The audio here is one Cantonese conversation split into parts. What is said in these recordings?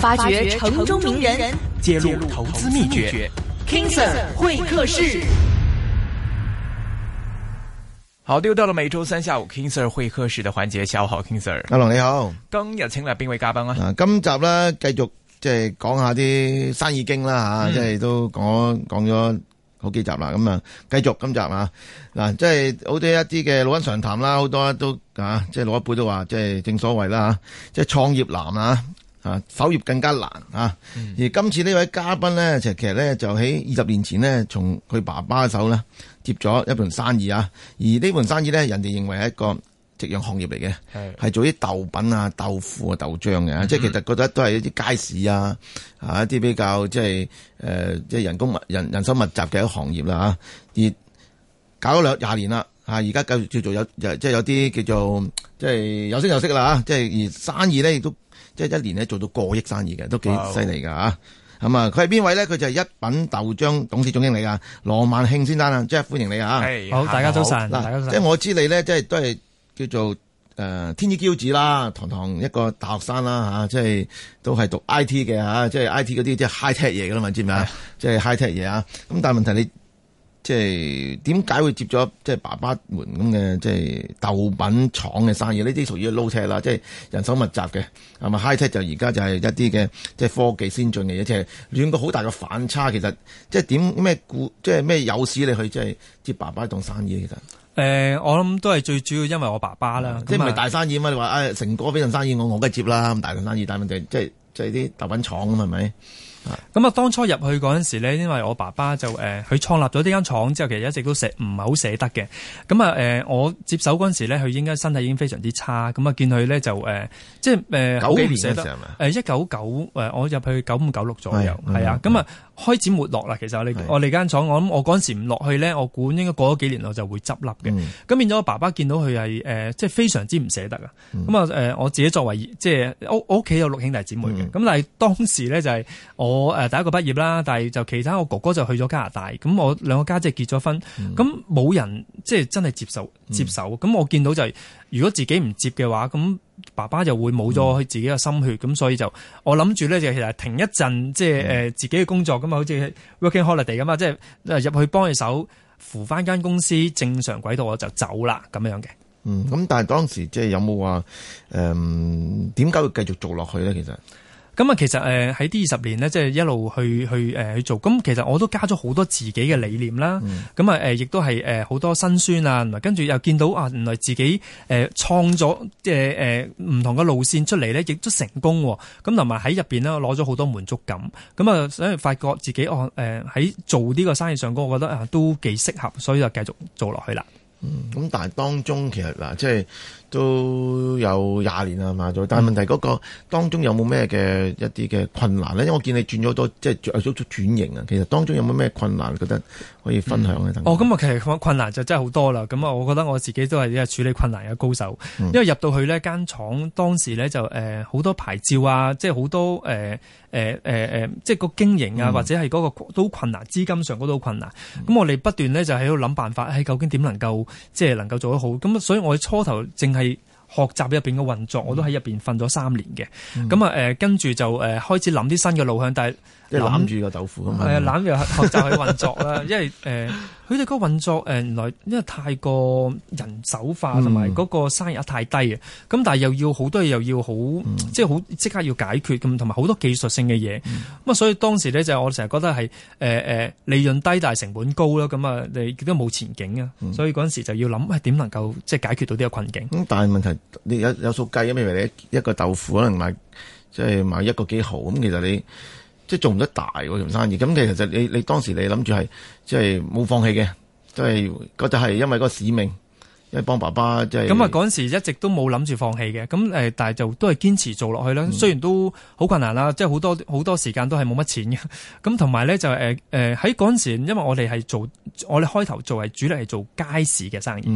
發掘城中名人，揭露投資秘訣 King Sir,。King Sir 會客室，好，又到了每周三下午 King Sir 會客室的環節，小何 King Sir，阿龍你好，今日請嚟邊位嘉賓啊，啊？今集呢，啊，繼續即係講下啲生意經啦吓，啊嗯，即係都講講咗好幾集啦，咁啊，繼續今集啊嗱，即係好多一啲嘅老生常談啦，好多都啊，即係老，啊，老一輩都話，即係正所謂啦吓，即係創業難啊。啊，守業更加難啊！而今次呢位嘉賓咧，就其實呢就喺二十年前呢，從佢爸爸手呢接咗一盤生意啊。而呢盤生意呢，人哋認為係一個夕陽行業嚟嘅，係是的 做啲豆品啊、豆腐啊、豆漿嘅，即係其實覺得都係一啲街市啊，啊一啲比較即係誒，即係人工密人人手密集嘅一個行業啦。吓、啊、而搞咗兩廿年啦，吓而家夠叫做有即係有啲叫做即係有聲有色啦。吓即係而生意呢亦都。即係一年咧做到過億生意嘅，都幾犀利噶嚇。咁 Wow. 啊，佢係邊位咧？佢就係壹品豆漿董事總經理啊，羅孟慶先生啊，即係歡迎你啊！Hey, 好，大家早晨。嗱好、啊，即係我知你咧，即係都係叫做誒、呃、天之驕子啦，堂堂一個大學生啦嚇，即係都係讀 I T 嘅嚇，即係 I T 嗰啲即係 high tech 嘢噶啦嘛，知唔知啊？即係 high tech 嘢啊！咁 Hey.、啊、但係問題你。即係點解會接咗即係爸爸們咁嘅即係豆品廠嘅生意？呢啲屬於 low tech 啦，即係人手密集嘅。係咪 high tech 就而家就係一啲嘅即係科技先進嘅嘢？即係兩個好大嘅反差。其實即係點咩股，即係咩有事你去即係接爸爸呢檔生意？其實誒，我諗都係最主要，因為我爸爸啦，即係唔係大生意嘛？你話誒、哎，成哥俾人生意我，我梗係接啦。咁大生意，但係問題即係即係啲豆品廠啊嘛，係咪？咁啊，當初入去嗰陣時咧，因為我爸爸就誒，佢、呃、創立咗呢間廠之後，其實一直都捨唔係好捨得嘅。咁啊，誒，我接手嗰陣時咧，佢應該身體已經非常之差。咁、呃、啊，見佢咧就誒、呃，即係誒、呃、九幾年嘅時候嘛，誒一九九誒，呃、1999，我入去九五九六左右，係是啊，咁啊。開始沒落啦，其實我哋我哋間廠，是的 我諗我嗰陣時唔落去咧，我估應該過咗幾年我就會執笠嘅。咁、嗯、變咗，我爸爸見到佢係誒，即係非常之唔捨得啊。咁啊誒，我自己作為即係屋屋企有六兄弟姊妹嘅。咁、嗯、但係當時咧就係、是、我誒第一個畢業啦，但係就其他我哥哥就去咗加拿大，咁我兩個家姐、姐結咗婚，咁冇、嗯、人即係真係接受接手。咁我見到就係、是。如果自己唔接嘅話，咁爸爸就會冇咗佢自己嘅心血，咁、嗯、所以就我諗住咧，就其實停一陣，即係誒、呃、自己嘅工作咁啊，好似 working holiday 咁啊，即係入去幫佢手扶翻間公司正常軌道，我就走啦咁樣嘅。嗯，咁但係當時即係有冇話誒點解會繼續做落去咧？其實？咁啊，其實誒喺呢二十年呢，即係一路去去誒去做。咁其實我都加咗好多自己嘅理念啦。咁啊誒，亦都係誒好多辛酸啊，同埋跟住又見到啊，原來自己誒創咗誒誒唔同嘅路線出嚟呢，亦都成功。咁同埋喺入邊呢，攞咗好多滿足感。咁啊，所以發覺自己我誒喺做呢個生意上邊，我覺得啊都幾適合，所以就繼續做落去啦。嗯，咁但係當中其實嗱，即係。都有廿年啊嘛，但係問題嗰、那個當中有冇咩嘅一啲嘅困難咧？因為我見你轉咗多，即係做做轉型啊。其實當中有冇咩困難覺得可以分享咧？嗯、你哦，咁啊，其實困難就真係好多啦。咁啊，我覺得我自己都係一個處理困難嘅高手，因為入到去呢間廠當時呢就誒好、呃、多牌照啊，即係好多誒誒誒誒，即係個經營啊，或者係嗰、那個都困難，資金上嗰都困難。咁、嗯、我哋不斷呢就喺度諗辦法，係究竟點能夠即係能夠做得好？咁所以我哋初頭淨係。係學習入邊嘅運作，我都喺入邊瞓咗三年嘅。咁啊，誒，跟住就誒開始諗啲新嘅路向，但係。攬住個豆腐咁啊！係啊，攬住學習去運作啦， 因為誒，佢哋個運作誒、呃，原來因為太過人手化，同埋嗰個生意額太低啊。咁、嗯、但係又要好多嘢，又要好，嗯、即係好即刻要解決咁，同埋好多技術性嘅嘢。咁啊、嗯，所以當時咧就我成日覺得係誒誒，利潤低但係成本高啦。咁啊，你亦都冇前景啊。嗯、所以嗰陣時就要諗係點能夠即係解決到呢個困境。咁、嗯、但係問題你有有數計啊？譬如你一個豆腐可能賣即係賣一個幾毫咁，其實你。即係做唔得大喎，啊，呢種生意。咁其實你，你當時你諗住係，即係冇放棄嘅，即係嗰就係、係、因為個使命。即係幫爸爸，即係咁啊！嗰陣時一直都冇諗住放棄嘅，咁誒，但係就都係堅持做落去啦。雖然都好困難啦，即係好多好多時間都係冇乜錢嘅。咁同埋咧，就誒誒喺嗰陣時，因為我哋係做，我哋開頭做係主力係做街市嘅生意。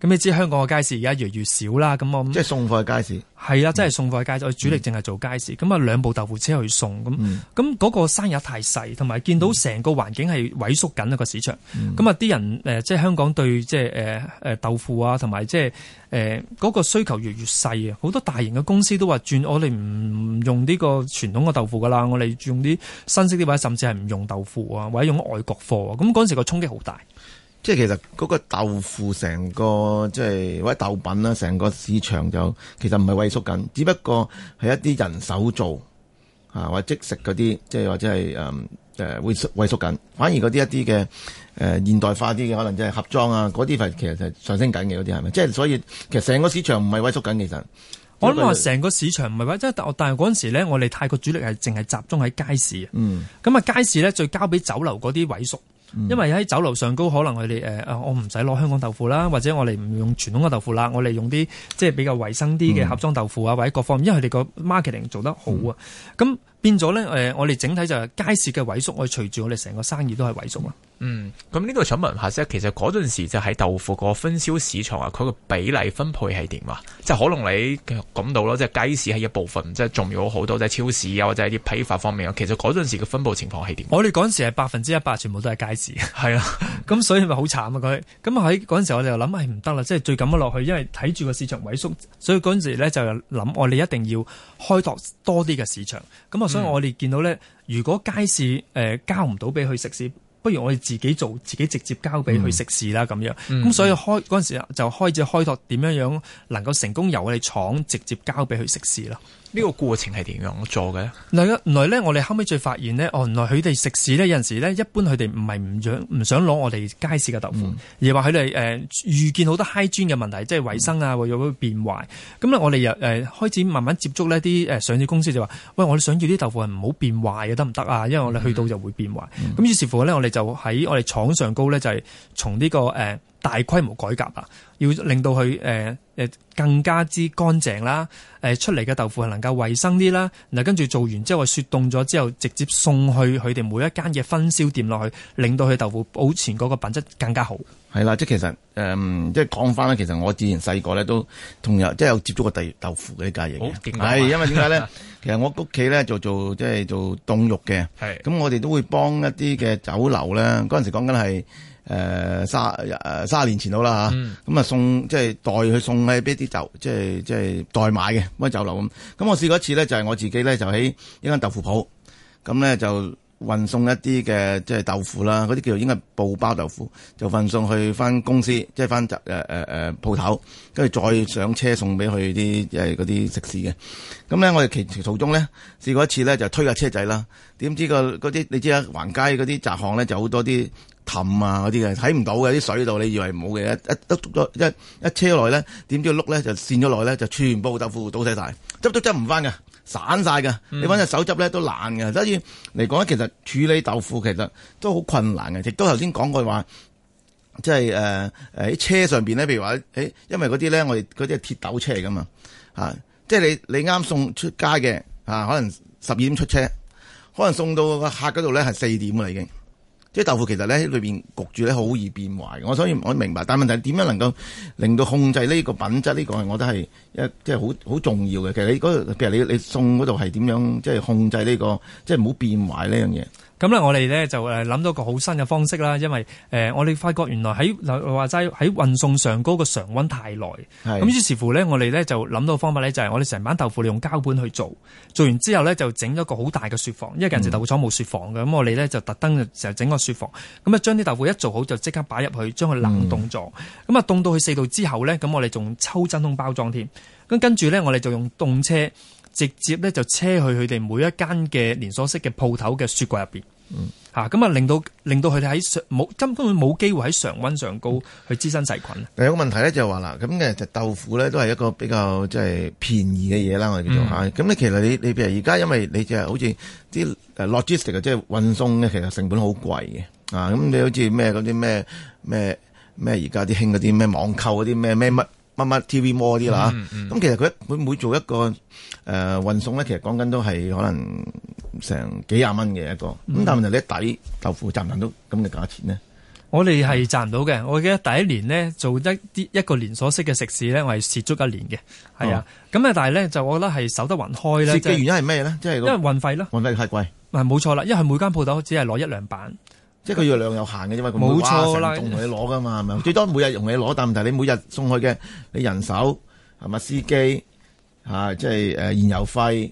咁你知香港嘅街市而家越嚟越少啦。咁我即係送貨街市係啊，即係送貨街市，我主力淨係做街市。咁啊，兩部豆腐車去送咁，咁嗰個生意太細，同埋見到成個環境係萎縮緊一個市場。咁啊，啲人誒，即係香港對即係誒誒豆腐。啊，同埋即係誒，嗰個需求越嚟越細啊！好多大型嘅公司都話轉，我哋唔用呢個傳統嘅豆腐噶啦，我哋用啲新式啲或者甚至係唔用豆腐啊，或者用外國貨。咁嗰陣時個衝擊好大。即係其實嗰個豆腐成個即係或者豆品啦，成個市場就其實唔係萎縮緊，只不過係一啲人手做啊，或者即食嗰啲，即係或者係誒。嗯誒、呃、會萎縮緊，反而嗰啲一啲嘅誒現代化啲嘅，可能即係盒裝啊，嗰啲其實係上升緊嘅嗰啲係咪？即係所以其實成個市場唔係萎縮緊，其實我諗話成個市場唔係話，即係但係嗰陣時咧，我哋太過主力係淨係集中喺街市啊。嗯，咁啊街市咧，再交俾酒樓嗰啲萎縮，因為喺酒樓上高，可能佢哋誒啊，我唔使攞香港豆腐啦，或者我哋唔用傳統嘅豆腐啦，我哋用啲即係比較衞生啲嘅盒裝豆腐啊，嗯、或者各方面，因為佢哋個 marketing 做得好啊。咁、嗯嗯變咗咧，誒、呃，我哋整體就係街市嘅萎縮，我哋隨住我哋成個生意都係萎縮啦。嗯，咁呢度想問下即係，其實嗰陣時就喺豆腐個分銷市場啊，佢個比例分配係點啊？即係可能你講到咯，即係街市係一部分，即係重要好多，即係超市啊，或者係啲批發方面啊。其實嗰陣時嘅分布情況係點？我哋嗰陣時係百分之一百，全部都係街市係啊。咁所以咪好慘啊佢咁喺嗰陣時我，我哋又諗係唔得啦，即係最咁樣落去，因為睇住個市場萎縮，所以嗰陣時咧就諗我哋一定要開拓多啲嘅市場。咁啊，所以我哋見到咧，嗯、如果街市誒、呃、交唔到俾去食肆。不如我哋自己做，自己直接交俾去食肆啦咁樣。咁所以開嗰陣時就開始開拓點樣樣能夠成功由我哋廠直接交俾去食肆咯。呢個過程係點樣做嘅？原來原來咧，我哋後尾再發現呢，哦，原來佢哋食肆呢，有陣時呢，一般佢哋唔係唔想唔想攞我哋街市嘅豆腐，而話佢哋誒遇見好多閪磚嘅問題，即係衛生啊會會變壞。咁咧我哋又誒開始慢慢接觸呢啲誒上市公司就話：喂，我哋想要啲豆腐係唔好變壞嘅，得唔得啊？因為我哋去到就會變壞。咁於是乎呢，我哋就就喺我哋廠上高咧，就係從呢個誒、呃、大規模改革啊，要令到佢誒誒更加之乾淨啦。誒出嚟嘅豆腐係能夠衞生啲啦。嗱，跟住做完之後，雪凍咗之後，直接送去佢哋每一間嘅分銷店落去，令到佢豆腐保存嗰個品質更加好。係啦，即係其實誒、呃，即係講翻咧，其實我之前細個咧都同有即係有接觸過第豆腐嘅介型，係、啊、是因為點解咧？ 其實我屋企咧就做即係、就是、做凍肉嘅，係咁的我哋都會幫一啲嘅酒樓咧，嗰陣時講緊係。誒、呃、三誒三十年前到啦嚇，咁啊、嗯、送即係、就是、代去送喺俾啲酒，即係即係代買嘅，乜酒樓咁。咁我試過一次咧，就係、是、我自己咧就喺一間豆腐鋪咁咧就。運送一啲嘅即係豆腐啦，嗰啲叫做應該布包豆腐，就運送去返公司，即係返雜誒誒誒鋪頭，跟、呃、住、呃、再上車送俾佢啲誒嗰啲食肆嘅。咁咧，我哋行程途中咧試過一次咧，就推架車仔啦。點知個嗰啲你知橫啊，橫街嗰啲窄巷咧就好多啲氹啊嗰啲嘅，睇唔到嘅啲水度，你以為唔好嘅，一一一篤一一車咧，點知碌咧就跣咗落咧，就全部豆腐倒曬晒，執都執唔返嘅。散晒嘅，你揾隻手執咧都爛嘅。所以嚟講，其實處理豆腐其實都好困難嘅。亦都頭先講過話，即係誒誒喺車上邊咧，譬如話誒、欸，因為嗰啲咧我哋嗰啲係鐵斗車嚟噶嘛嚇、啊，即係你你啱送出街嘅嚇，可能十二點出車，可能送到個客嗰度咧係四點啦已經。即係豆腐其實咧喺裏邊焗住咧好易變壞，我所以我明白。但問題點樣能夠令到控制呢個品質，呢個係我覺得係一即係好好重要嘅。其實你嗰，譬如你你送嗰度係點樣即係控制呢個即係唔好變壞呢樣嘢。咁咧，我哋咧就誒諗到個好新嘅方式啦，因為誒、呃、我哋發覺原來喺嗱話齋喺運送上高個常温太耐，咁是於是乎咧，我哋咧就諗到個方法咧，就係我哋成班豆腐用膠盤去做，做完之後咧就整咗個好大嘅雪房，因為人哋豆腐廠冇雪房嘅，咁、嗯、我哋咧就特登就成日整個雪房，咁啊將啲豆腐一做好就即刻擺入去，將佢冷凍咗，咁啊凍到去四度之後咧，咁我哋仲抽真空包裝添，咁跟住咧我哋就用凍車。直接咧就車去佢哋每一間嘅連鎖式嘅鋪頭嘅雪櫃入邊，嚇咁啊令到令到佢哋喺冇根本冇機會喺常温上高去滋生細菌。誒有、嗯嗯、個問題咧就係話啦，咁嘅豆腐咧都係一個比較即係便宜嘅嘢啦，我哋叫做嚇。咁、嗯、你、嗯、其實你你譬如而家因為你就係好似啲 logistics 啊，即係運送咧，其實成本好貴嘅啊。咁你好似咩嗰啲咩咩咩而家啲興嗰啲咩網購嗰啲咩咩乜？乜乜 TV m 摩啲啦咁、嗯嗯、其實佢每每做一個誒、呃、運送咧，其實講緊都係可能成幾廿蚊嘅一個。咁、嗯、但係你一底豆腐，賺唔賺到咁嘅價錢呢？我哋係賺唔到嘅。我記得第一年呢，做一啲一個連鎖式嘅食肆咧，我係蝕足一年嘅。係啊，咁啊、哦，但係咧就我覺得係守得雲開咧。蝕嘅原因係咩咧？即、就、係、是、因為運費咯，運費太貴。唔係冇錯啦，因為每間鋪頭只係攞一兩板。即係佢要量又限嘅，因為佢冇錯，仲同你攞噶嘛，係咪？最多每日同你攞，但係問題你每日送去嘅你人手係咪司機？嚇、啊，即係誒燃油費。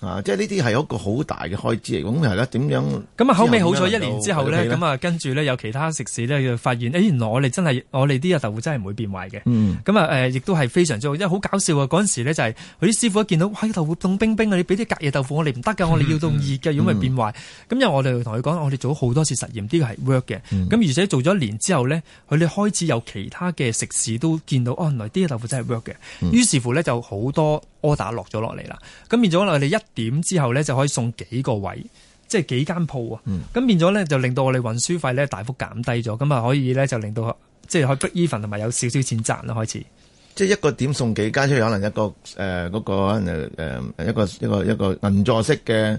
啊！即係呢啲係一個好大嘅開支嚟，咁係啦。點樣咁啊？後尾好彩一年之後呢，咁啊，跟住呢，有其他食肆呢，就發現誒、欸，原來我哋真係我哋啲豆腐真係唔會變壞嘅。咁啊、嗯嗯，誒、嗯，亦都係非常之好，因為好搞笑啊！嗰陣時呢就係佢啲師傅一見到哇、哎、豆腐凍冰冰啊，你俾啲隔夜豆腐我哋唔得噶，我哋要凍熱嘅，如果唔係變壞。咁因為我哋同佢講，我哋做咗好多次實驗，呢個係 work 嘅。咁、嗯、而且做咗一年之後呢，佢哋開始有其他嘅食肆都見到，哦，原來啲豆腐真係 work 嘅。嗯、於是乎呢，就好多 order 落咗落嚟啦。咁變咗我哋一點之後咧，就可以送幾個位，即係幾間鋪啊！咁、嗯、變咗咧，就令到我哋運輸費咧大幅減低咗。咁啊、嗯、可以咧就令到即係、就是、可以 break even 同埋有少少錢賺啦開始。即係一個點送幾間，即係可能一個誒嗰、呃那個誒誒、呃、一個一個一個銀座式嘅。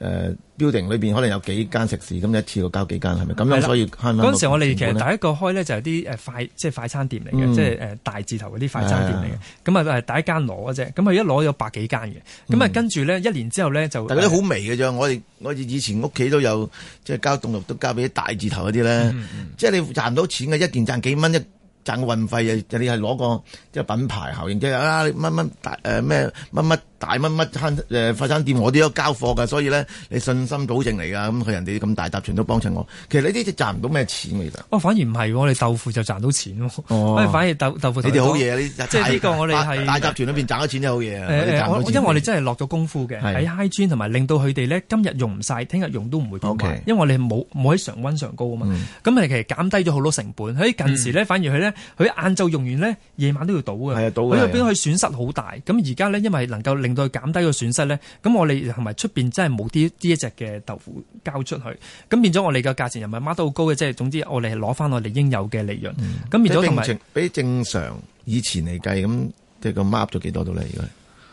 誒、uh, building 裏邊可能有幾間食肆，咁一次要交幾間係咪？咁樣，的所以慳翻嗰時我哋其實第一個開呢，就係啲誒快即係快餐店嚟嘅，即係誒大字頭嗰啲快餐店嚟嘅。咁啊係第一間攞嘅啫。咁佢一攞有百幾間嘅。咁啊跟住呢，一年之後呢，就，但係啲好微嘅啫。我哋我以前屋企都有即係、就是、交凍肉都交俾大字頭嗰啲咧。即係、嗯、你賺唔到錢嘅，一件賺幾蚊，一賺個運費又你係攞個即係品牌效應，即係、就是、啊乜乜大誒咩乜乜。大乜乜餐誒快餐店，我都有交貨㗎，所以咧你信心保證嚟㗎。咁佢人哋咁大集團都幫襯我，其實呢啲即賺唔到咩錢㗎。其實哦，反而唔係喎，我哋豆腐就賺到錢喎。反而豆豆腐，你哋好嘢啊！即係呢個我哋係大集團裏邊賺咗錢真係好嘢。因為我哋真係落咗功夫嘅，喺 high 專同埋令到佢哋咧今日用唔晒，聽日用都唔會嘅。因為我哋冇冇喺常溫常高啊嘛。咁誒其實減低咗好多成本。喺近時咧反而佢咧佢晏晝用完咧，夜晚都要倒嘅。喺入邊佢損失好大。咁而家咧因為能夠令令到減低個損失咧，咁我哋同埋出邊真係冇啲呢一隻嘅豆腐交出去，咁變咗我哋嘅價錢又唔係 mark 得、er、好高嘅，即係總之我哋係攞翻我哋應有嘅利潤。咁、嗯、變咗同埋比正常以前嚟計，咁即係個 mark 咗、er、幾多度咧？如果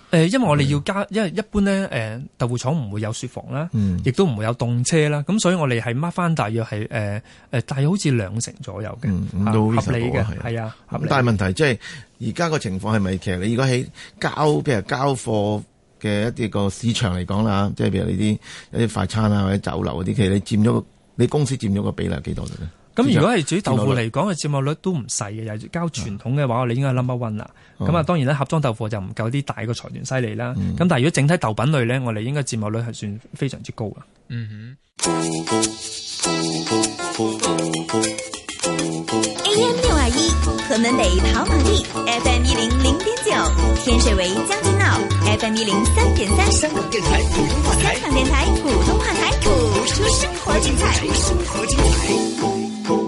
誒，因為我哋要加，的因為一般咧，誒、呃，豆腐廠唔會有雪房啦，亦都唔會有凍車啦，咁所以我哋係 mark 翻，大約係，誒，誒，大約好似兩成左右嘅，合理嘅，係啊，合理。但係問題即係，而家個情況係咪其實你如果喺交嘅交貨嘅一啲個市場嚟講啦，即係譬如你啲一啲快餐啊或者酒樓嗰啲，其實你佔咗你公司占咗個比例係幾多嘅咧？咁如果係煮豆腐嚟講嘅佔有率都唔細嘅，又交傳統嘅話，嗯、我哋應該 number one 啦。咁啊、嗯，當然啦，盒裝豆腐就唔夠啲大嘅財團犀利啦。咁、嗯、但係如果整體豆品類咧，我哋應該佔有率係算非常之高嘅。嗯、哼 AM 六二一，何文田跑馬地；FM 一零零點九，9，天水圍將軍澳；FM 一零三點三，香港電台普通話台。香港電台普通話台，煮出生活精彩。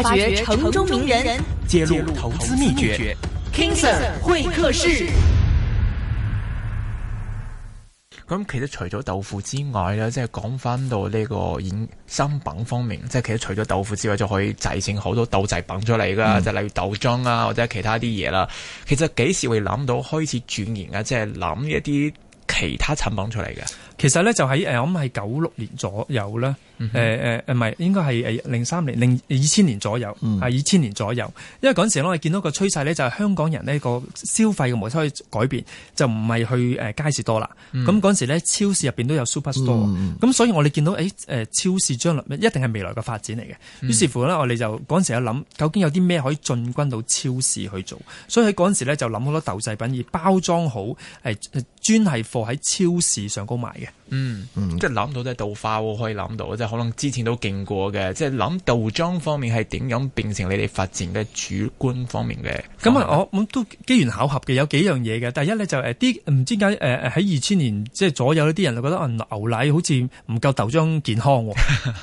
發掘城中名人，揭露投資秘訣。King Sir 會客室。咁其實除咗豆腐之外咧，即係講翻到呢個衍生品方面，即係其實除咗豆腐之外，就可以製成好多豆製品出嚟噶，即係、嗯、例如豆漿啊或者其他啲嘢啦。其實幾時會諗到開始轉型啊？即係諗一啲其他產品出嚟嘅？其實咧就喺、是、誒，我諗係九六年左右啦。誒誒，唔係應該係誒零三年、零二千年左右，係二千年左右。因為嗰陣時我哋見到個趨勢咧，就係香港人呢個消費嘅模式可以改變，就唔係去誒街市多啦。咁嗰陣時咧，超市入邊都有 Super Store、mm。咁、hmm. 所以我哋見到誒誒、欸、超市將來一定係未來嘅發展嚟嘅。Mm hmm. 於是乎咧，我哋就嗰陣時一諗，究竟有啲咩可以進軍到超市去做？所以喺嗰陣時咧就諗好多豆製品，而包裝好，誒專係放喺超市上高賣嘅。嗯，嗯即係諗到即係豆花，可以諗到即係可能之前都見過嘅，即係諗豆漿方面係點樣變成你哋發展嘅主觀方面嘅。咁啊、嗯，我咁都機緣巧合嘅，有幾樣嘢嘅。第一咧就誒，啲、呃、唔知點解誒，喺二千年即係左右呢啲人就覺得牛奶好似唔夠豆漿健康哈哈。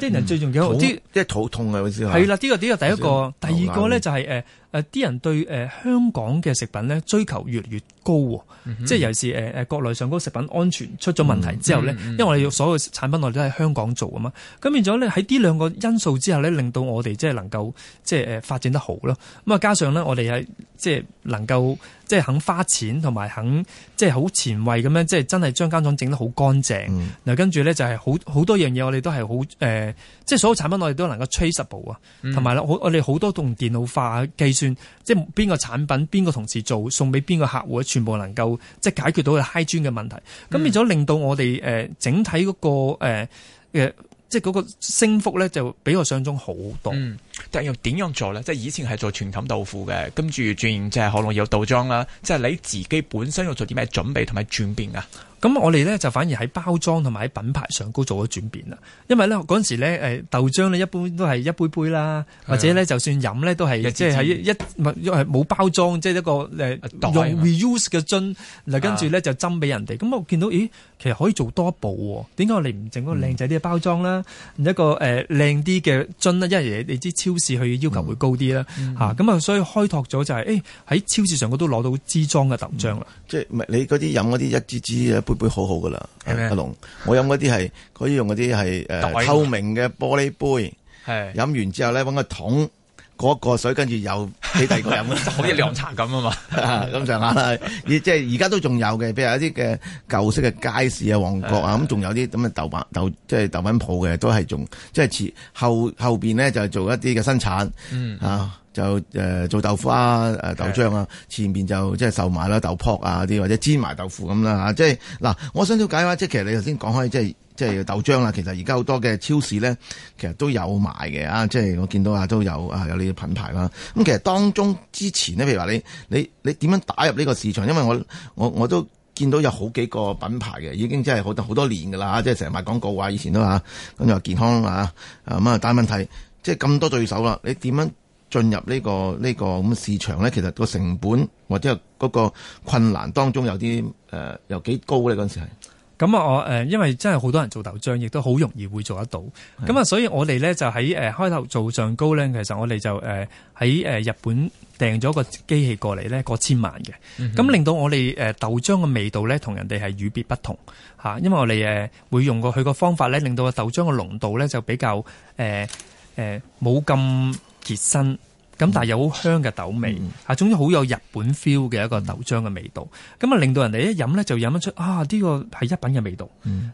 即啲人最重要啲、嗯即，即係肚痛啊，好似係啦。呢、這個呢、這個這個個，這個第一個，第二個咧就係、是、誒。啊牛奶 誒啲、啊、人對誒、呃、香港嘅食品咧追求越嚟越高喎、啊，即係、mm hmm. 尤其是誒誒、呃、國內上高食品安全出咗問題之後咧，mm hmm. 因為我哋所有產品我哋都喺香港做噶嘛，咁變咗咧喺呢兩個因素之下咧，令到我哋即係能夠即係誒發展得好咯。咁啊加上咧，我哋係即係能夠即係肯花錢同埋肯即係好前衞咁樣，即係真係將間廠整得好乾淨。嗱、mm hmm. 跟住咧就係、是、好好，好多樣嘢，我哋都係好誒，即係所有產品我哋都能夠 traceable 啊，同埋啦，mm hmm. 我哋好多用電腦化技術。即係邊個產品，邊個同事做，送俾邊個客戶，全部能夠即係解決到個 high 磚嘅問題，咁、嗯、變咗令到我哋誒整體嗰、那個誒誒、呃，即係嗰個升幅咧，就比我想像中好多。嗯但要點樣做咧？即係以前係做傳統豆腐嘅，跟住轉型即係可能有豆漿啦。即係你自己本身要做啲咩準備同埋轉變啊？咁我哋咧就反而喺包裝同埋喺品牌上高做咗轉變啦。因為咧嗰陣時咧誒豆漿咧一般都係一杯一杯啦，啊、或者咧就算飲咧都係即係一唔冇包裝，即、就、係、是、一個誒用 reuse 嘅樽嗱，跟住咧就斟俾人哋。咁我見到咦，其實可以做多一步喎？點解我哋唔整嗰個靚仔啲嘅包裝啦？嗯、一個誒靚啲嘅樽啦，因為你之前。超市去要求會高啲啦，吓咁、嗯、啊，所以開拓咗就係誒喺超市上我都攞到支裝嘅豆漿啦、嗯，即係唔係你嗰啲飲嗰啲一支支嘅杯杯好好噶啦，嗎阿龍我飲嗰啲係可以用嗰啲係誒透明嘅玻璃杯，飲是完之後咧揾個桶。嗰個水跟住又俾第二個飲，好 似 涼茶咁啊嘛，咁上下，而即係而家都仲有嘅，譬如一啲嘅舊式嘅街市啊、旺角啊，咁仲有啲咁嘅豆品豆，即係豆品鋪嘅，都係仲即係前後後邊咧就做一啲嘅生產，嗯、啊就誒、呃、做豆腐啊、誒豆漿啊，前面就即係售賣啦、豆泡啊啲或者煎埋豆腐咁啦嚇，即係嗱，我想了解啊，即係其實你頭先講開即係。即係豆漿啦，其實而家好多嘅超市咧，其實都有賣嘅啊！即係我見到啊，都有啊，有呢啲品牌啦。咁其實當中之前咧，譬如話你你你點樣打入呢個市場？因為我我我都見到有好幾個品牌嘅，已經真係好得好多年噶啦，即係成日賣廣告啊，以前都啊，咁就話健康啊啊咁啊，但係問題即係咁多對手啦，你點樣進入呢個呢個咁市場咧？其實個成本或者係嗰個困難當中有啲誒，有幾高咧嗰陣時係。咁啊，我誒，因為真係好多人做豆漿，亦都好容易會做得到。咁啊的，所以我哋咧就喺誒開頭做醬膏咧，其實我哋就誒喺誒日本訂咗個機器過嚟咧，過千萬嘅。咁、嗯、哼令到我哋誒豆漿嘅味道咧，同人哋係與別不同嚇。因為我哋誒會用過佢個方法咧，令到個豆漿嘅濃度咧就比較誒誒冇咁結身。呃呃咁、嗯、但係有好香嘅豆味，啊、嗯，總之好有日本 feel 嘅一個豆漿嘅味道，咁、嗯、啊令到人哋一飲咧就飲得出啊呢個係壹品嘅味道，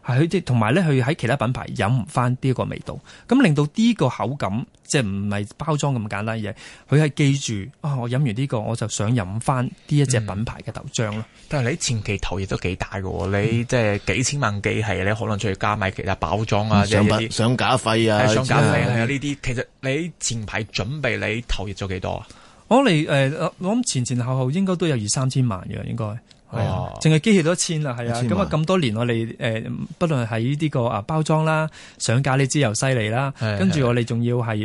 係佢即同埋咧佢喺其他品牌飲唔翻呢個味道，咁令到呢個口感。即係唔係包裝咁簡單嘢，佢係記住啊、哦！我飲完呢、這個，我就想飲翻呢一隻品牌嘅豆漿咯、嗯。但係你前期投入都幾大㗎喎，你即係幾千萬幾係，你可能仲要加埋其他包裝啊、上架想、上架你費啊、上架費係，啊呢啲實、嗯。其實你前排準備你投入咗幾多啊、哦呃？我嚟誒，我諗前前後後應該都有二三千萬嘅應該。係啊，淨係機器都一千啦。係啊，咁啊咁多年我哋誒，不論喺呢啲個啊包裝啦、上架啲油犀利啦，跟住我哋仲要係誒，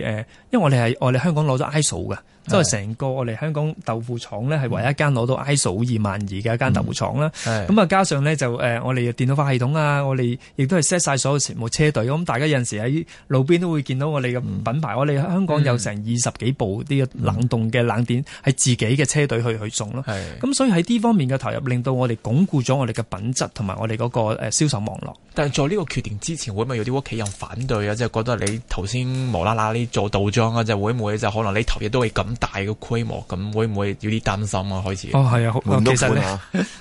因為我哋係我哋香港攞咗 ISO 嘅。即係成個我哋香港豆腐廠咧，係唯一一間攞到 ISO 二萬二嘅一間豆腐廠啦。咁啊，加上咧就誒，我哋嘅電腦化系統啊，我哋亦都係 set 晒所有全部車隊。咁大家有陣時喺路邊都會見到我哋嘅品牌。我哋香港有成二十幾部啲冷凍嘅冷點，係自己嘅車隊去去送咯。咁所以喺呢方面嘅投入，令到我哋鞏固咗我哋嘅品質同埋我哋嗰個誒銷售網絡。但係做呢個決定之前，會唔會有啲屋企人反對啊？即係覺得你頭先無啦啦呢做倒莊啊，就會唔會就可能你頭嘢都會咁？大嘅規模咁會唔會有啲擔心啊？開始哦，係、oh, 啊，其實咧，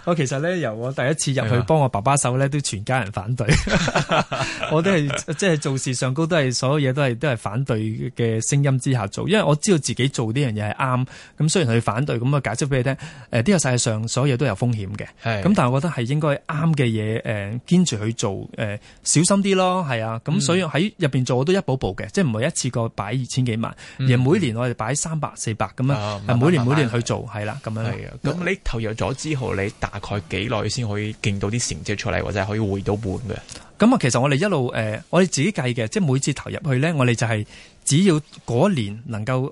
我、嗯、 其實咧由我第一次入去幫我爸爸手咧，都全家人反對， 我都係即係做事上高都係所有嘢都係都係反對嘅聲音之下做，因為我知道自己做呢樣嘢係啱。咁雖然佢反對，咁我解釋俾你聽。誒，呢個世界上所有嘢都有風險嘅，咁是但係我覺得係應該啱嘅嘢誒，堅持去做誒，小心啲咯，係啊。咁所以喺入邊做我都一步步嘅，即係唔係一次過擺二千幾萬，而每年我哋擺三百。四百咁啊，400，哦、每年慢慢每年去做，係啦咁樣。係啊的，咁、嗯、你投入咗之後，你大概幾耐先可以見到啲成績出嚟，或者係可以回到本嘅？咁啊、嗯，嗯、其實我哋一路誒、呃，我哋自己計嘅，即係每次投入去咧，我哋就係只要嗰年能夠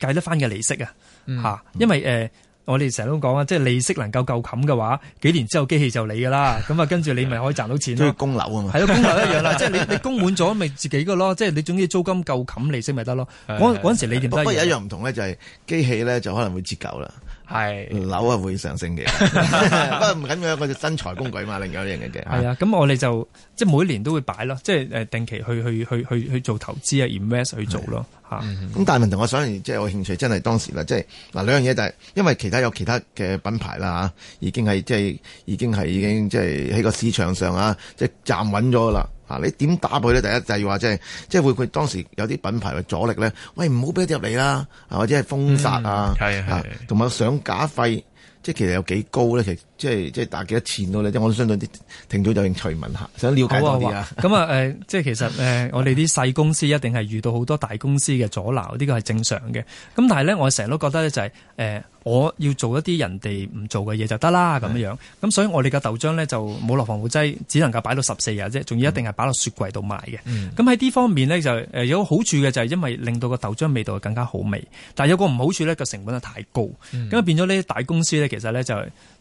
計得返嘅利息、嗯、啊，嚇，因為誒。呃我哋成日都講啊，即係利息能夠夠冚嘅話，幾年之後機器就 你㗎啦。咁啊，跟住你咪可以賺到錢咯。即係供樓啊嘛，係咯，供樓一樣啦。 即係你你供滿咗咪自己個咯。即係你總之租金夠冚利息咪得咯。嗰嗰陣時你點，不過有一樣唔同咧，就係、是、機器咧就可能會折舊啦。係樓啊會上升嘅， 不過唔緊要，我就生財工具嘛，另外一樣嘢嘅。係啊，咁我哋就即係每年都會擺咯，即係誒定期去去去去去做投資啊，invest 去做咯吓。咁大文同我想，即係我興趣真係當時啦，即係嗱兩樣嘢就係，因為其他有其他嘅品牌啦吓，已經係即係已經係已經即係喺個市場上啊，即係站穩咗啦。啊！你點打佢咧？第一第就係話即係，即係會佢會當時有啲品牌嘅阻力咧？喂，唔好俾佢入嚟啦，或者係封殺啊，嚇、嗯！同埋上架費，即係其實有幾高咧？其實即係即係打幾多錢到咧？即我都相信啲聽早有應隨問下，想了解多啲啊！咁啊誒，即、嗯、係、嗯嗯、其實誒、呃 呃，我哋啲細公司一定係遇到好多大公司嘅阻撓，呢個係正常嘅。咁但係咧，我成日都覺得咧就係、是、誒。呃我要做一啲人哋唔做嘅嘢就得啦，咁樣樣。咁的、嗯、所以我哋嘅豆漿呢，就冇落防腐劑，只能夠擺到十四日啫，仲要一定係擺落雪櫃度賣嘅。咁喺呢方面呢，就誒有好處嘅，就係因為令到個豆漿味道更加好味。但係有個唔好處呢，個成本啊太高，咁、嗯、變咗呢啲大公司呢，其實呢，就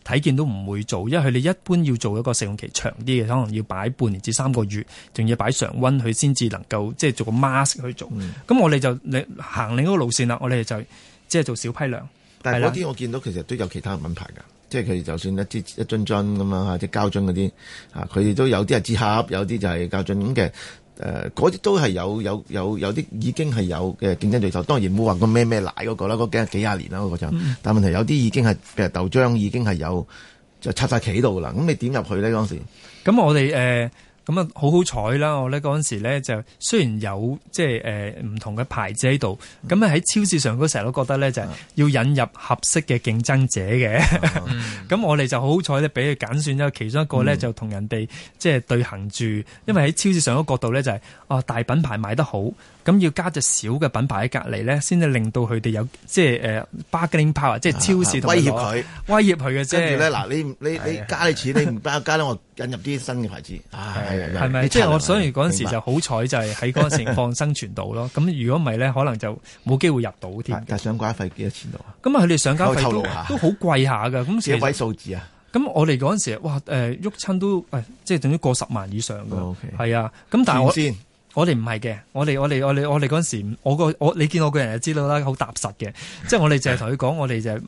睇見都唔會做，因為佢哋一般要做一個食用期長啲嘅，可能要擺半年至三個月，仲要擺常溫，佢先至能夠即係做個 mask 去做。咁、嗯、我哋就你行另一個路線啦，我哋就即係做小批量。但係嗰啲我見到其實都有其他品牌㗎，即係佢就算一支一樽樽咁樣，即係膠樽嗰啲嚇，佢亦都有啲係紙盒，有啲就係膠樽咁嘅。誒、嗯，嗰啲、呃、都係有有有有啲已經係有嘅競爭對手。當然冇話、個咩咩奶嗰個啦，嗰幾廿年啦嗰個就，但問題有啲已經係其實豆漿已經係有就插曬企度啦。咁、嗯、你點入去呢？嗰時？咁我哋誒。呃咁啊，好好彩啦！我咧嗰陣時咧就雖然有即係誒唔同嘅牌子喺度，咁啊喺超市上都成日都覺得咧就係、是、要引入合適嘅競爭者嘅。咁、嗯、 我哋就好好彩咧，俾佢揀選咗其中一個咧，就同人哋即係對行住，因為喺超市上嗰個角度咧就係、是、啊大品牌賣得好。咁要加隻小嘅品牌喺隔籬咧，先至令到佢哋有即係 Bargaining Power，即係超市威脅佢，威脅佢嘅啫。嗱你你你加啲錢，你唔加咧，我引入啲新嘅牌子。係咪？即係我所以嗰陣時就好彩，就係喺嗰個情況生存到咯。咁如果唔係咧，可能就冇機會入到添。但係上架費幾多錢度啊？咁啊，佢哋上架費都都好貴下噶。咁幾位數字啊？咁我哋嗰陣時，哇誒，鬱親都即係等於過十萬以上嘅。係啊。咁但係我先。我哋唔係嘅，我哋我哋我哋我哋嗰陣時，我個我你見我個人就知道啦，好踏實嘅。即係我哋淨係同佢講，我哋就係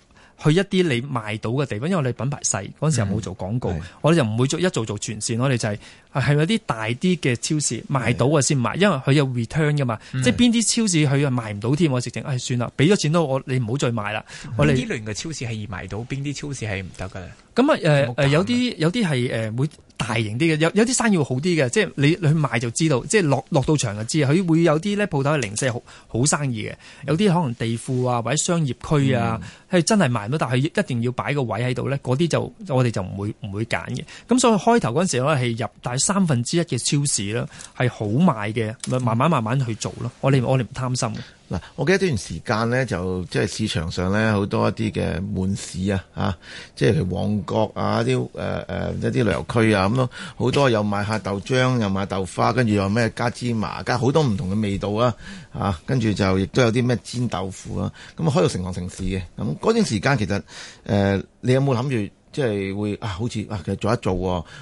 去一啲你賣到嘅地方，因為我哋品牌細，嗰陣時又冇做廣告，嗯、我哋就唔會做一做做全線，我哋就係係有啲大啲嘅超市賣到嘅先賣，因為佢有 return 噶嘛。嗯、即係邊啲超市佢賣唔到添，我直情唉算啦，俾咗錢都我你唔好再賣啦。嗯、我哋呢輪嘅超市係易賣到，邊啲超市係唔得嘅？咁啊誒誒有啲有啲係誒會大型啲嘅，有有啲生意會好啲嘅，即係你去賣就知道，即係落落到場就知，佢會有啲咧鋪頭係零舍好好生意嘅，有啲可能地庫啊或者商業區啊係、嗯、真係賣唔到，但係一定要擺個位喺度咧，嗰啲就我哋就唔會唔會揀嘅。咁所以開頭嗰陣時候我哋係入大三分之一嘅超市啦，係好賣嘅，咪慢慢慢慢去做咯。我哋我哋唔貪心嘅。嗱，我記得段時間咧，就即係市場上咧好多一啲嘅門市啊，嚇，即係譬如旺角啊，啲誒誒一啲旅遊區啊咁咯，好多又賣下豆漿，又賣豆花，跟住又咩加芝麻，加好多唔同嘅味道啊，嚇，跟住就亦都有啲咩煎豆腐啊，咁啊開到成行成市嘅，咁嗰段時間其實誒、呃，你有冇諗住？即係會啊，好似啊，其實做一做，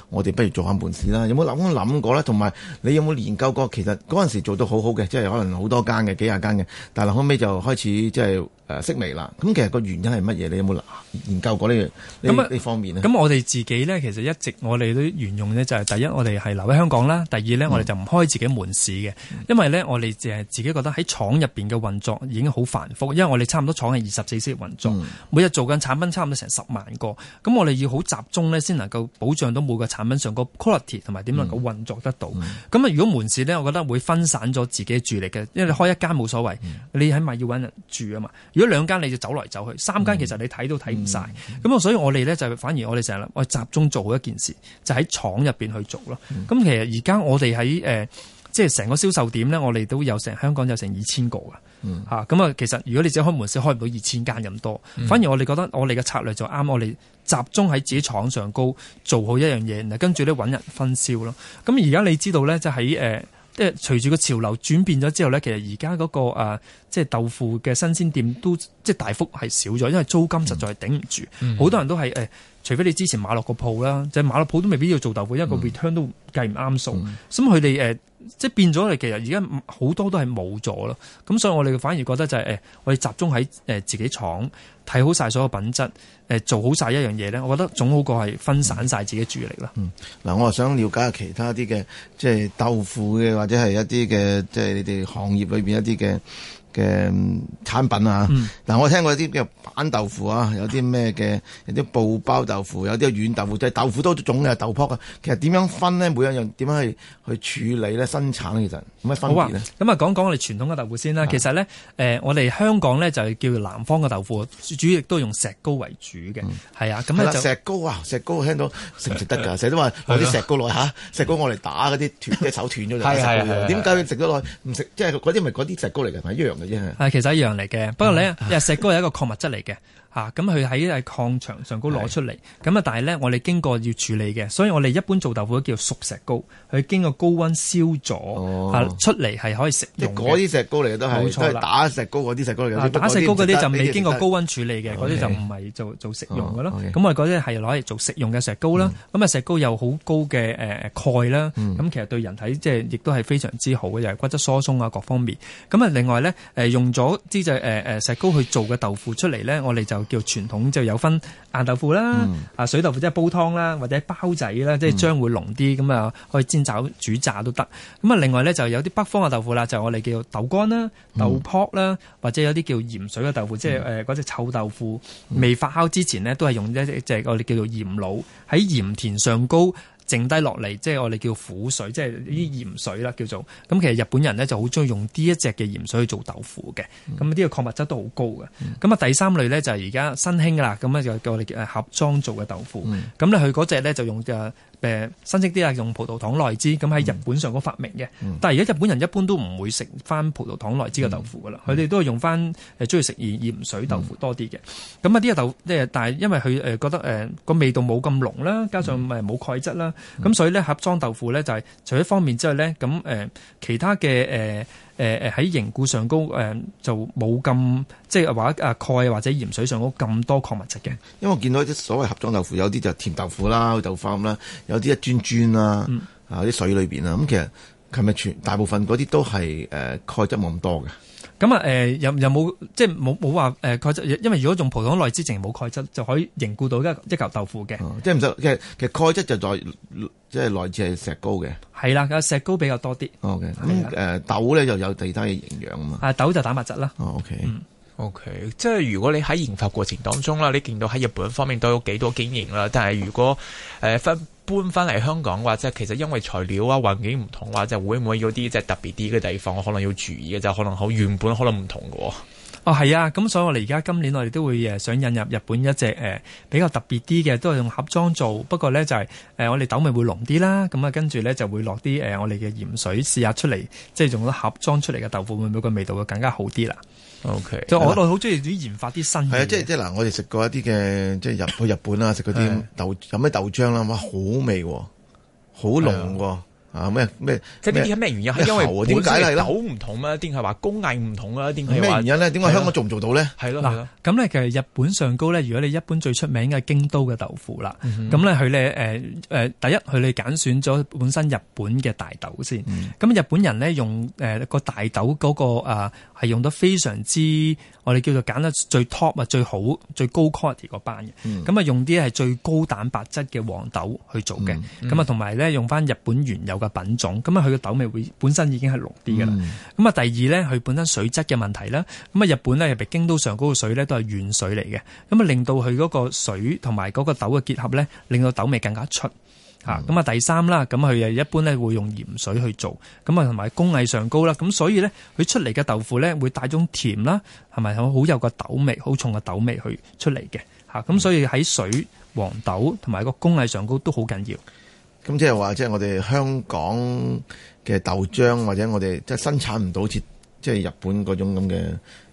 我哋不如做下門市啦。有冇諗諗過呢？同埋你有冇研究過？其實嗰陣時做得好好嘅，即係可能好多間嘅，幾廿間嘅，但係後尾就開始即係誒式微啦。咁、呃、其實個原因係乜嘢？你有冇研究過呢樣？咁呢那方面呢？咁我哋自己呢，其實一直我哋都沿用呢、就係，就係第一，我哋係留喺香港啦；第二呢我哋就唔開自己門市嘅，嗯、因為呢我哋淨係自己覺得喺廠入邊嘅運作已經好繁複，因為我哋差唔多廠係二十四小時運作，嗯、每日做緊產品差唔多成十萬個，咁我。我哋要好集中咧，先能夠保障到每個產品上個 quality 同埋點能夠運作得到。咁啊、嗯，嗯、如果門市咧，我覺得會分散咗自己嘅注意力嘅，因為你開一間冇所謂，嗯、你起碼要搵人住啊嘛。如果兩間，你就走來走去，三間其實你睇都睇唔晒。咁啊、嗯，嗯嗯、所以我哋咧就反而我哋成日諗，我集中做好一件事，就喺廠入邊去做咯。咁、嗯、其實而家我哋喺誒，即係成個銷售點咧，我哋都有成香港有成二千個噶吓。咁啊、嗯嗯嗯嗯，其實如果你只開門市，開唔到二千間咁多。反而我哋覺得我哋嘅策略就啱我哋。嗯嗯嗯集中喺自己廠上高做好一樣嘢，然後跟住咧揾人分銷咯。咁而家你知道咧，就喺誒，即係隨住個潮流轉變咗之後咧，其實而家嗰個誒，即係豆腐嘅新鮮店都即係大幅係少咗，因為租金實在係頂唔住，好、嗯、多人都係誒。呃除非你之前買落個鋪啦，就係買落鋪都未必要做豆腐，因為個 return 都計唔啱數。咁佢哋誒即係變咗，你其實而家好多都係冇咗咯。咁所以我哋反而覺得就係、是、誒、呃，我哋集中喺誒自己廠，睇好晒所有品質，誒、呃、做好晒一樣嘢咧，我覺得總好過係分散晒自己注意力啦。嗱、嗯嗯嗯呃，我話想了解下其他啲嘅，即係豆腐嘅或者係一啲嘅，即係你哋行業裏邊一啲嘅。嘅產品啊，嗱、嗯嗯、我聽過啲叫板豆腐啊，有啲咩嘅，有啲布包豆腐，有啲軟豆腐，即、就、係、是、豆腐都種嘅的豆粕啊。其實點樣分呢？每一樣點樣去去處理咧？生產其實冇乜分別呢？咁啊，講講我哋傳統嘅豆腐先啦。的其實呢，誒我哋香港呢，就係叫做南方嘅豆腐，主要亦都用石膏為主嘅，係啊的。咁咧就石膏啊，石膏聽到食唔食得㗎？成日都話攞啲石膏落、啊、嚇、啊，石膏我嚟打嗰啲斷隻手斷咗就石膏。點解佢食得落？去？唔食即係嗰啲咪嗰啲石膏嚟嘅，咪一樣嘅。係，Yeah. 其實一樣嚟嘅。不過咧，石膏係一個礦物質嚟嘅。 啊，咁佢喺喺礦場上高攞出嚟，咁啊，但係咧，我哋經過要處理嘅，所以我哋一般做豆腐都叫熟石膏，佢經過高溫燒咗，係出嚟係可以食用。嗰啲石膏嚟嘅都係，冇錯，都係打石膏嗰啲石膏嚟嘅。打石膏嗰啲就未經過高溫處理嘅，嗰啲就唔係做做食用嘅咯。咁我哋嗰啲係攞嚟做食用嘅石膏啦。咁啊，石膏有好高嘅誒鈣啦，咁其實對人體即係亦都係非常之好嘅，又係骨質疏鬆啊各方面。咁啊，另外咧，誒用咗啲就誒誒石膏去做嘅豆腐出嚟咧，我哋就叫傳統就有分硬豆腐啦，啊、嗯、水豆腐即係煲湯啦，或者包仔啦，嗯、即係漿會濃啲咁啊，可以煎炒煮炸都得。咁啊，另外咧就有啲北方嘅豆腐啦，就係、我哋叫做豆乾啦、豆泡啦，嗯、或者有啲叫鹽水嘅豆腐，嗯、即係誒嗰隻臭豆腐、嗯、未發酵之前呢，都係用一隻、就係、我哋叫做鹽滷喺鹽田上高。剩低落嚟，即係我哋叫苦水，即係呢啲鹽水啦，叫做咁。其實日本人呢就好中意用呢一隻嘅鹽水去做豆腐嘅，咁呢個礦物質都好高嘅。咁啊、嗯，第三類呢就係而家新興啦，咁咧就叫我哋誒盒裝做嘅豆腐，咁咧佢嗰隻呢就用嘅。誒新式啲啊，用葡萄糖內酯，咁喺、嗯、日本上個發明嘅。嗯、但係而家日本人一般都唔會食翻葡萄糖內酯嘅豆腐噶啦，佢哋、嗯、都係用翻誒中意食鹽鹽水豆腐多啲嘅。咁啊啲豆即係，但係因為佢誒覺得誒個、呃、味道冇咁濃啦，加上誒冇鈣質啦，咁、嗯嗯、所以咧盒裝豆腐咧就係、是、除咗方面之外咧，咁、呃、誒其他嘅誒。呃誒誒喺凝固上高誒、呃、就冇咁即係話誒鈣或者鹽水上高咁多礦物質嘅，因為我見到啲所謂盒裝豆腐有啲就甜豆腐啦，豆腐咁啦，有啲一磚磚啦，啊啲水裏邊啦，咁、嗯啊嗯、其實係咪全大部分嗰啲都係誒鈣質冇咁多嘅？咁啊，誒、嗯呃、又又冇，即係冇冇話誒鈣質，因為如果用普通內脂，淨係冇鈣質，就可以凝固到一一嚿豆腐嘅。即係唔使，即、嗯、係其，其實鈣質就在，即係來自係石膏嘅。係啦，石膏比較多啲。OK，誒、嗯的呃、豆咧就有其他嘅營養啊嘛。啊，豆就蛋白質啦。OK，OK，即係如果你喺研發過程當中啦，你見到喺日本方面都有幾多經營啦，但係如果誒分。呃呃搬翻嚟香港嘅話，即係其實，因為材料啊、環境唔同嘅話，就會唔會有啲即係特別啲嘅地方，我可能要注意嘅就可能好原本可能唔同嘅。哦，係啊，咁所以我哋而家今年我哋都會誒想引入日本一隻誒、呃、比較特別啲嘅，都係用盒裝做。不過咧就係、是、誒、呃、我哋豆味會濃啲啦。咁、嗯、啊跟住咧就會落啲誒我哋嘅鹽水試下出嚟，即係用盒裝出嚟嘅豆腐，會唔會個味道會更加好啲啦？O K，就我喺度好中意啲研發啲新嘢。係啊，即係即係嗱，我哋食過一啲嘅，即係入去日本啦，食嗰啲豆飲咩 豆漿啦，哇，好味喎、哦，好濃喎、哦。 啊咩咩即係呢啲係咩原因？係因為點解咧？好唔同啊，一定係話工藝唔同啊，一定係咩原因呢？點解香港做唔做到呢？係咯咁咁其實日本上高呢，如果你一般最出名嘅京都嘅豆腐啦，咁呢、嗯哼，佢咧誒誒，第一佢哋揀選咗本身日本嘅大豆先，咁、嗯、日本人呢，用誒個大豆嗰、那個啊係用得非常之我哋叫做揀得最 top 啊最好最高 quality 嗰班嘅，咁啊、嗯、用啲係最高蛋白質嘅黃豆去做嘅，咁啊同埋咧用翻日本原有。個品種咁啊，佢個豆味會本身已經係濃啲噶啦。咁啊、嗯，第二咧，佢本身水質嘅問題啦。咁啊，日本咧，入邊京都上高嘅水咧都係軟水嚟嘅。咁啊，令到佢嗰個水同埋嗰個豆嘅結合咧，令到豆味更加出。吓咁啊，第三啦，咁佢又一般咧會用鹽水去做。咁啊，同埋工藝上高啦。咁所以咧，佢出嚟嘅豆腐咧會帶種甜啦，係咪好有個豆味，好重嘅豆味去出嚟嘅？吓咁、嗯，所以喺水、黃豆同埋個工藝上高都好緊要。咁即係話，即係我哋香港嘅豆漿，或者我哋即係生產唔到，好似即係日本嗰種咁嘅。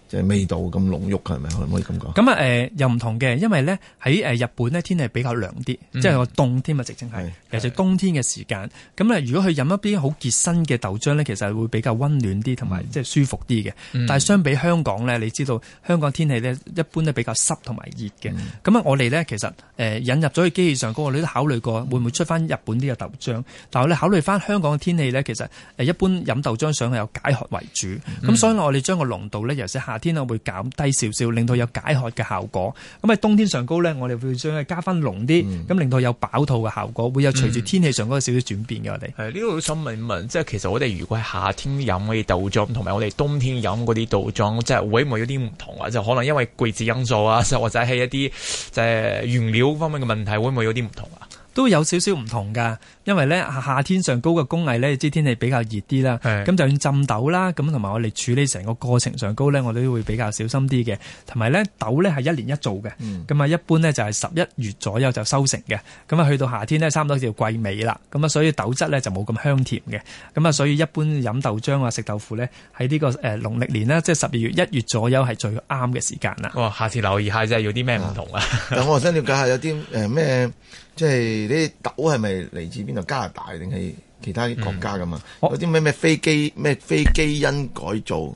即係味道咁濃郁嘅係咪？可唔可以咁講，嗯？咁啊誒又唔同嘅，因為咧喺誒日本咧天氣比較涼啲，嗯、即係個凍天啊，直情係其實冬天嘅時間。咁咧、嗯嗯嗯、如果去飲一啲好熱身嘅豆漿咧，其實會比較温暖啲同埋即係舒服啲嘅。但係相比香港咧，你知道香港天氣咧一般都比較濕同埋熱嘅。咁啊、嗯、我哋咧其實誒、呃、引入咗去機器上嗰，我哋都考慮過會唔會出翻日本啲嘅豆漿。但係我哋考慮翻香港嘅天氣咧，其實誒一般飲豆漿想係有解渴為主。咁所以我哋將個濃度咧由先下，尤其夏天啊，會減低少少，令到有解渴嘅效果。咁喺冬天上高咧，我哋會將佢加翻濃啲，咁、嗯、令到有飽肚嘅效果。會有隨住天氣上高少少轉變嘅、嗯、我哋。係呢度想問一問，即、嗯、係其實我哋如果喺夏天飲嗰啲豆漿，同埋我哋冬天飲嗰啲豆漿，即係會唔會有啲唔同啊？就可能因為季節因素啊，或者係一啲即係原料方面嘅問題，會唔會有啲唔同啊？都有少少唔同噶。因為咧夏天上高嘅工藝咧，知天氣比較熱啲啦。咁是的 就算浸豆啦，咁同埋我哋處理成個過程上高咧，我哋都會比較小心啲嘅。同埋咧豆咧係一年一做嘅，咁啊、嗯、一般咧就係十一月左右就收成嘅。咁啊去到夏天咧，差唔多就季尾啦。咁啊所以豆質咧就冇咁香甜嘅。咁啊所以一般飲豆漿啊食豆腐咧，喺呢個誒農曆年呢，即係十二月一月左右係最啱嘅時間啦。哇、哦！下次留意下啫，下有啲咩唔同啊？咁、嗯、我想了解下有啲誒咩，即係呢啲豆係咪嚟自邊？就加拿大定係其他啲國家咁啊？嗯、有啲咩咩飛機咩非基因改造？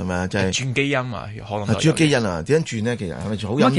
係咪啊？就係轉基因啊，可能轉咗基因啊？點樣轉呢？其實係咪仲好有啲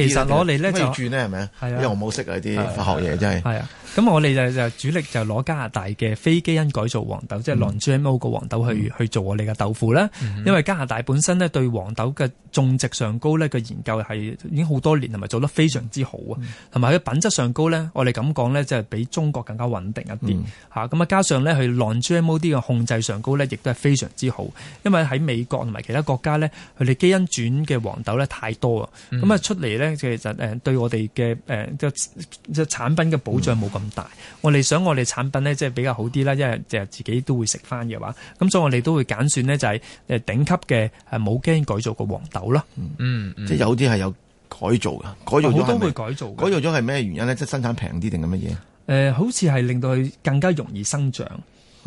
咩轉咧？係咪？係啊，因為我冇識啊啲化學嘢真係。咁我哋就就主力就攞加拿大嘅非基因改造黃豆，即係 non GMO 個黃豆去去做我哋嘅豆腐啦。因為加拿大本身呢對黃豆嘅種植上高呢嘅研究係已經好多年，係咪做得非常之好啊。同埋佢品質上高呢，我哋咁講呢，即係比中國更加穩定一啲嚇。咁啊，加上呢，佢 non GMO 啲嘅控制上高呢，亦都係非常之好。因為喺美國同埋其他。國家咧，佢哋基因轉嘅黃豆咧太多啊，咁啊、嗯、出嚟咧，其實誒對我哋嘅誒即即產品嘅保障冇咁大。嗯、我哋想我哋產品咧即係比較好啲啦，因為就自己都會食翻嘅話，咁所以我哋都會揀選呢，就係誒頂級嘅誒冇驚改造嘅黃豆啦。嗯，嗯即有啲係有改造嘅，改造咗係咪？好多會改造。改造咗係咩原因咧？即生產平啲定係乜嘢？誒、呃，好似係令到佢更加容易生長。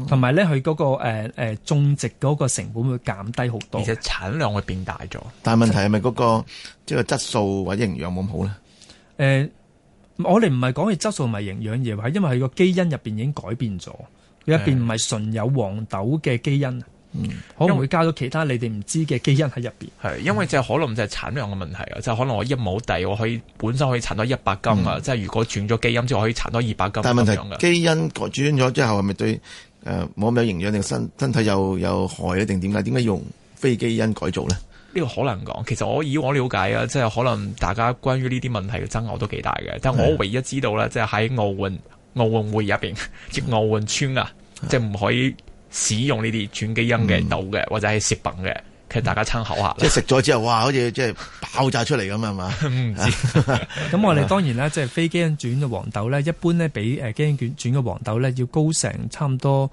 同埋咧，佢嗰、嗰個誒誒、呃呃、種植嗰個成本會減低好多，而且產量會變大咗。但係問題係咪嗰個即係質素或營養冇咁好咧？誒、呃，我哋唔係講嘅質素唔係營養嘢，係因為佢個基因入邊已經改變咗，佢入邊唔係純有黃豆嘅基因，可能、嗯、會加咗其他你哋唔知嘅基因喺入邊。係因為就可能就係產量嘅問題啊！嗯、就可能我一畝地我可以本身可以產多一百斤啊，即係如果轉咗基因之後可以產多二百斤。但係問題樣基因改轉咗之後係咪對？誒，冇咁、呃、有營養定身身體又有，有害咧，定點解？點解用非基因改造咧？呢個可能講，其實我以往了解啊，即係可能大家關於呢啲問題嘅爭拗都幾大嘅。但係我唯一知道咧，即係喺奧運奧運會入邊，即係是的 奧運村啊，是的 即係唔可以使用呢啲轉基因嘅豆嘅，嗯、或者係食品嘅。其實大家參考下，即係食咗之後，哇！好似即係爆炸出嚟咁啊，係嘛 道？咁 我哋當然啦，即係非基因轉嘅黃豆咧，一般咧比誒基因轉嘅黃豆咧，要高成差唔多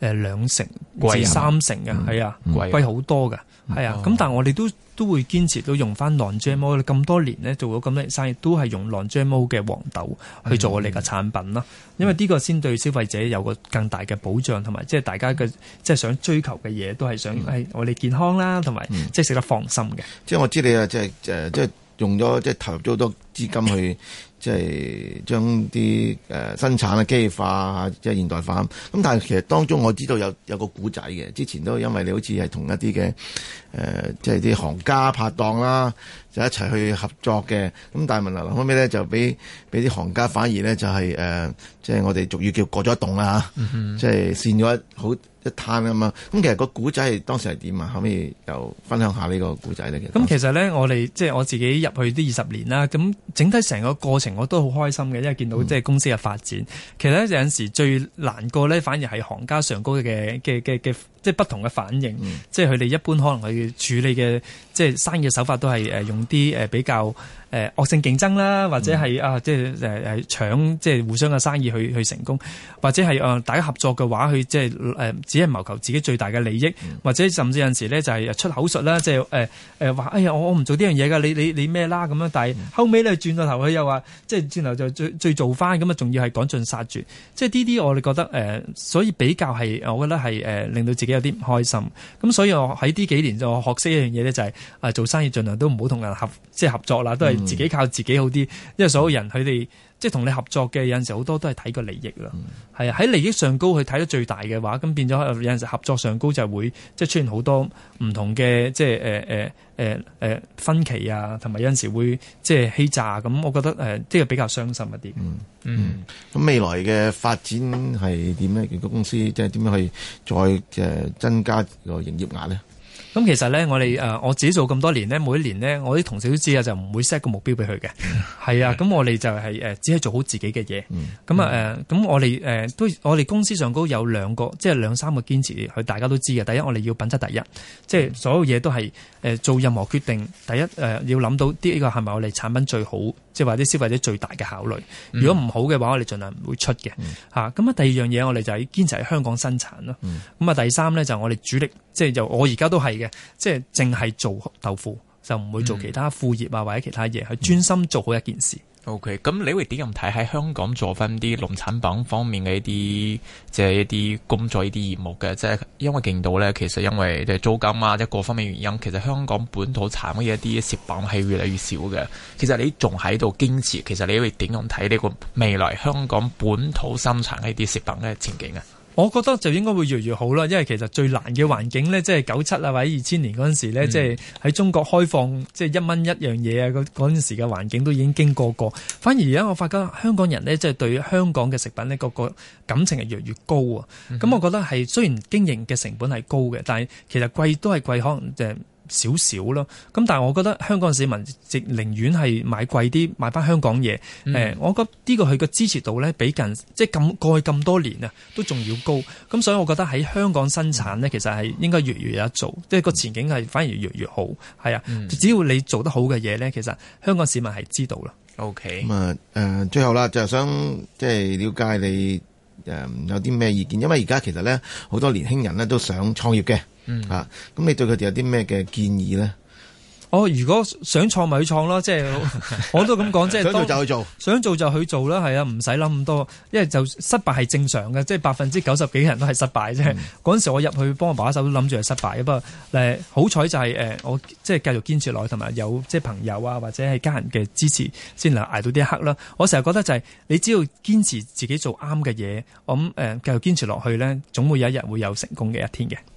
誒兩成至三成嘅，係啊、嗯，對貴好多嘅。嗯嗯係啊，咁但係我哋都都會堅持到用翻 Non-GMO、erm、咁多年咧做咗咁多年生意，都係用 Non-GMO、erm、嘅黃豆去做我哋嘅產品啦。嗯、因為呢個先對消費者有個更大嘅保障，同埋即係大家嘅即係想追求嘅嘢都係想誒我哋健康啦，同埋即係食得放心嘅、嗯嗯。即係我知你啊，即係誒即係用咗即係投入咗好多資金去。 即係將啲誒生產嘅機器化啊，即係現代化。咁但係其實當中我知道有有個古仔嘅，之前都因為你好似係同一啲嘅誒即係啲行家拍檔啦，就一齊去合作嘅。咁但係問題後屘咧就俾俾啲行家反而咧就係、是、誒、呃、即係我哋俗語叫過咗一棟啦，mm hmm. 即係扇咗一好一攤啊嘛，咁其實個古仔係當時係點啊？後屘就分享下個呢個古仔咧。其實咁其實咧，我哋即係我自己入去啲二十年啦，咁整體成個過程。我都好開心嘅，因為見到即係公司嘅發展。嗯，其實有陣時最難過咧，反而係行家上高嘅嘅嘅嘅。即係不同嘅反應，嗯、即係佢哋一般可能佢處理嘅即係生意嘅手法都係誒用啲誒比較誒惡、呃、性競爭啦，或者係、嗯、啊即係誒誒搶即係互相嘅生意去去成功，或者係誒、呃、大家合作嘅話去即係誒只係謀求自己最大嘅利益，嗯、或者甚至有陣時咧就係、是、出口術啦，即係誒誒話哎呀我我唔做呢樣嘢㗎，你你你咩啦咁樣，但係後尾咧轉個頭佢又話即係轉頭就最最做翻咁啊，仲要係趕盡殺絕，即係呢啲我哋覺得誒所以比較係我覺得係誒令到自己。有啲唔開心，咁所以我喺呢幾年就學識一樣嘢咧，就係啊，做生意儘量都唔好同人合，即係合作啦，都係自己靠自己好啲，因為所有人佢哋。即係同你合作嘅有陣時好多都係睇個利益啦，係啊，喺利益上高佢睇得最大嘅話，咁變咗有陣時合作上高就會即係出現好多唔同嘅即係誒誒誒誒分歧啊，同埋有陣時會即係欺詐咁，我覺得誒即係比較傷心一啲。嗯嗯，咁、嗯、未來嘅發展係點咧？如果公司即係點樣去再誒增加個營業額咧？咁其實咧，我哋誒我自己做咁多年咧，每一年咧，我啲同事都知啊，就唔會 set 個目標俾佢嘅。係啊， 咁我哋就係、是、誒、呃，只係做好自己嘅嘢。咁啊誒，咁、呃、我哋誒、呃、都，我哋公司上高有兩個，即係兩三個堅持，佢大家都知嘅。第一，我哋要品質第一，即係所有嘢都係誒做任何決定，第一誒、呃、要諗到啲呢個係咪我哋產品最好，即係或者消費者最大嘅考慮。嗯、如果唔好嘅話，我哋盡量唔會出嘅嚇。咁、嗯、啊，第二樣嘢我哋就係堅持喺香港生產咯。咁啊、嗯，嗯、第三咧就係、我哋主力，即係就我而家都係嘅。即係淨係做豆腐，就唔會做其他副業啊，或者其他嘢，去專、嗯、心做好一件事。O K.，咁你會點樣睇喺香港做翻啲農產品方面嘅一啲即係一啲工作、一啲業務嘅？即係因為見到呢，其實因為租金啊，即係各方面原因，其實香港本土產嘅一啲食品係越嚟越少嘅。其實你仲喺度堅持，其實你會點樣睇呢個未來香港本土生產一啲食品嘅前景啊？我覺得就應該會越嚟越好啦，因為其實最難嘅環境呢，即係九七啊或者二千年嗰陣時咧，即係喺中國開放，即係一蚊一樣嘢啊，嗰嗰陣時嘅環境都已經經過過。反而而家我發覺香港人呢，即係對香港嘅食品呢，個個感情係越嚟越高啊。咁，嗯，我覺得係雖然經營嘅成本係高嘅，但係其實貴都係貴，可能誒，就係。少少咯，咁但係我覺得香港市民直寧願係買貴啲，買翻香港嘢。誒、嗯欸，我覺得呢個佢嘅支持度呢，比近即係咁過去咁多年啊，都仲要高。咁所以我覺得喺香港生產呢，嗯、其實係應該越嚟越有得做，即係個前景係反而越嚟越好。係啊，嗯、只要你做得好嘅嘢呢，其實香港市民係知道啦。嗯、OK。咁啊誒，最後啦，就係想即係了解你誒有啲咩意見，因為而家其實呢，好多年輕人呢都想創業嘅。嗯，吓咁、啊、你對佢哋有啲咩嘅建議咧？我、哦、如果想創咪去創咯，即、就、係、是、 我都咁講，即、就、係、是、想做就去做， 想做就去做啦，係啊，唔使諗咁多，因為就失敗係正常嘅，即係百分之九十幾嘅人都係失敗啫。嗰陣、嗯、時我入去幫我把手都諗住係失敗嘅，不過誒好彩就係、是、誒、呃、我即係繼續堅持落去，同埋有即係朋友啊或者係家人嘅支持，先能捱到呢一刻啦。我成日覺得就係、是、你只要堅持自己做啱嘅嘢，咁誒繼續堅持落去咧，總會有一日會有成功嘅一天嘅。